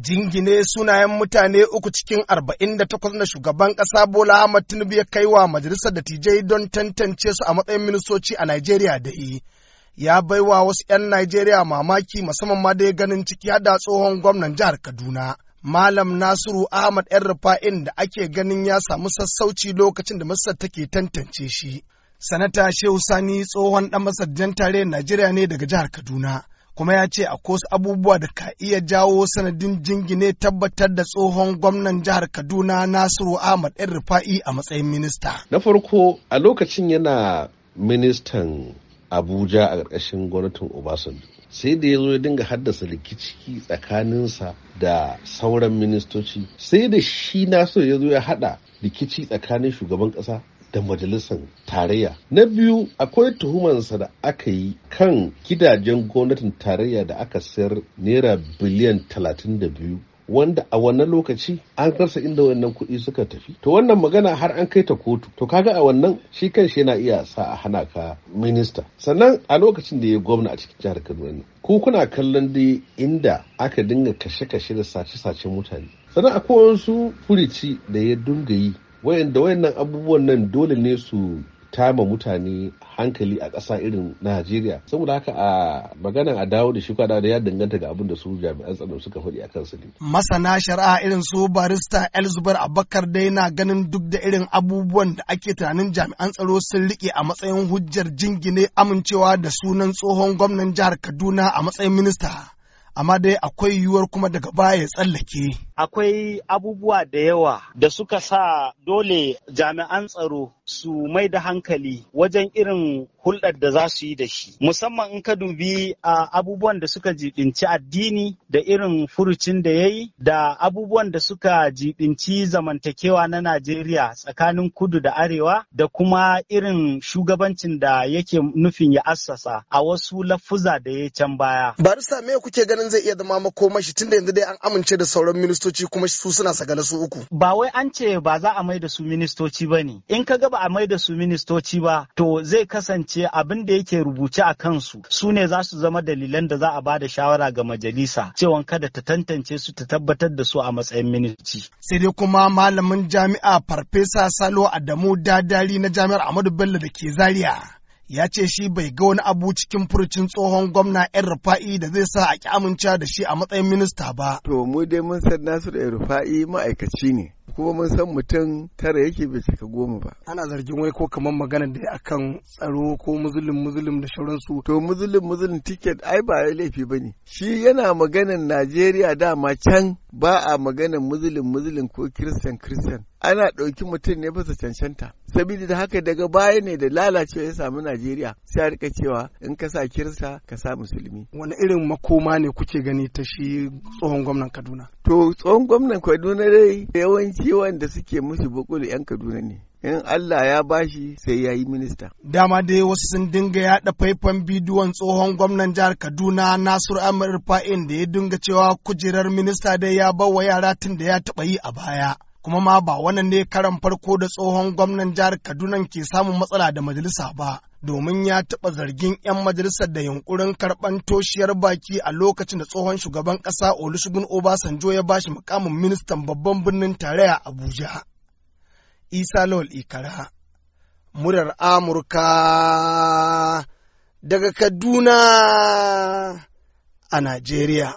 jingine sunayen mutane uku cikin arba'in da takwas na shugaban kasa Bola Ahmad Tinubu ya kai wa majalisar dattijai don tantance su a matsayin ministoci a Najeriya da i. Ya baiwa wasu 'yan Najeriya mamaki musamman ma da ya ganin ciki hada tsohon gwamnan jihar Kaduna. Malam Nasiru Ahmad 'yan rufa'in da ake ganin ya samu sassauci lokacin da Masar take tantance shi. Sanata Shehu Sani tsohon ɗan Masar jan tare Najeriya ne daga jihar Kaduna. kuma ya ce akwai wasu abubuwa da ka iya jawo sanadin jingine tabbatar da tsohon gwamnan jihar Kaduna Nasiru Ahmad ɗan Rufa'i a matsayin minista. Na farko a lokacin yana ministan Abuja a ƙarƙashin gwamnatin Obasanjo. Sai da ya zo ya dinga haddasa rikici tsakaninsa da sauran ministoci. Sai da shi Nasiru ya zo ya haɗa rikici tsakanin shugaban ƙasa da majalisar tarayya na biyu akwai tuhumansa da aka yi kan gidajen gwamnatin tarayya da aka sayar naira biliyan talatin da biyu. wanda a wannan lokaci an rasa inda wannan kuɗi suka tafi to wannan magana har an kai ta kotu to kaga a wannan shi kanshi yana iya sa a hana ka minista sannan a lokacin da ya gwamna a cikin jihar Kaduna ku kuna kallon dai inda aka dinga kashe-kashe da sace-sacen mutane sannan akwai wasu furici da ya dunga yi wayanda wayannan abubuwan nan dole ne su tama mutane hankali a ƙasa irin Najeriya saboda haka a maganan a dawo da shi kwada da ya danganta ga abin da su jami'an tsaro suka faɗi a su ne. Masana shari'a irin su barista Elzubar Abakar dai na ganin duk da irin abubuwan da ake tunanin jami'an tsaro sun riƙe a matsayin hujjar jingine amincewa da sunan tsohon gwamnan jihar Kaduna a matsayin minista amma dai akwai yiwuwar kuma daga baya ya tsallake. akwai abubuwa da yawa da suka sa dole jami'an tsaro su mai da hankali wajen irin hulɗar da za su yi da shi musamman in ka dubi a abubuwan da suka jibinci addini da irin furucin da ya yi da abubuwan da suka jibinci zamantakewa na najeriya tsakanin kudu da arewa da kuma irin shugabancin da yake nufin ya assasa a wasu lafuza da ya can baya barista me kuke ganin zai iya zama makomashi tunda yanzu dai an amince da sauran ministoci ministoci kuma su suna sagale su uku. Ba wai an ce ba za a mai da su ministoci ba ne. In ka ga ba a mai da su ministoci ba to zai kasance abin da yake rubuce a kansu su ne za su zama dalilan da za a ba da shawara ga majalisa cewa kada ta tantance su ta tabbatar da su a matsayin ministoci. Sai dai kuma malamin jami'a Farfesa Salo Adamu Dadari na jami'ar Ahmadu Bello da ke Zaria. ya ce shi bai ga wani abu cikin furcin tsohon gwamna yan rufa'i da zai sa a ki amincewa da shi a matsayin minista ba. To mu dai mun san Nasiru yan rufa'i ma'aikaci ne. kuma mun san mutum tara yake bai cika goma ba ana zargin wai ko kamar magana da akan tsaro ko muzulun muzulun da shauransu to muzulun muzulun tiket ai ba laifi ba ne. shi yana maganan Najeriya dama can ba a maganan muzulun muzulun ko Christian kiristan. ana ɗauki mutum ne bisa cancanta Sabida da haka daga baya ne da lalacewa ya samu Najeriya sai a rika cewa in ka sa kirsa ka sa musulmi wani irin makoma ne kuke gani ta shi tsohon gwamnan Kaduna To tsohon gwamnan Kaduna dai yawanci wanda suke musu bukulu 'yan Kaduna ne. in Allah ya bashi sai ya yi minista. Dama dai wasu sun dinga yaɗa faifan bidiyon tsohon gwamnan jihar Kaduna Nasiru Amir Fa'in da ya dinga cewa kujerar minista dai ya bawa yara tun da ya taɓa yi a baya. kuma ma ba wannan ne karan farko da tsohon gwamnan jihar Kaduna ke samun matsala da majalisa ba. domin ya taɓa zargin 'yan majalisar da yunkurin karɓan toshiyar baki a lokacin da tsohon shugaban ƙasa Olusegun Obasanjo ya bashi mukamin ministan babban birnin tarayya Abuja. Isa Lawal Ikara, murar Amurka daga Kaduna a Najeriya.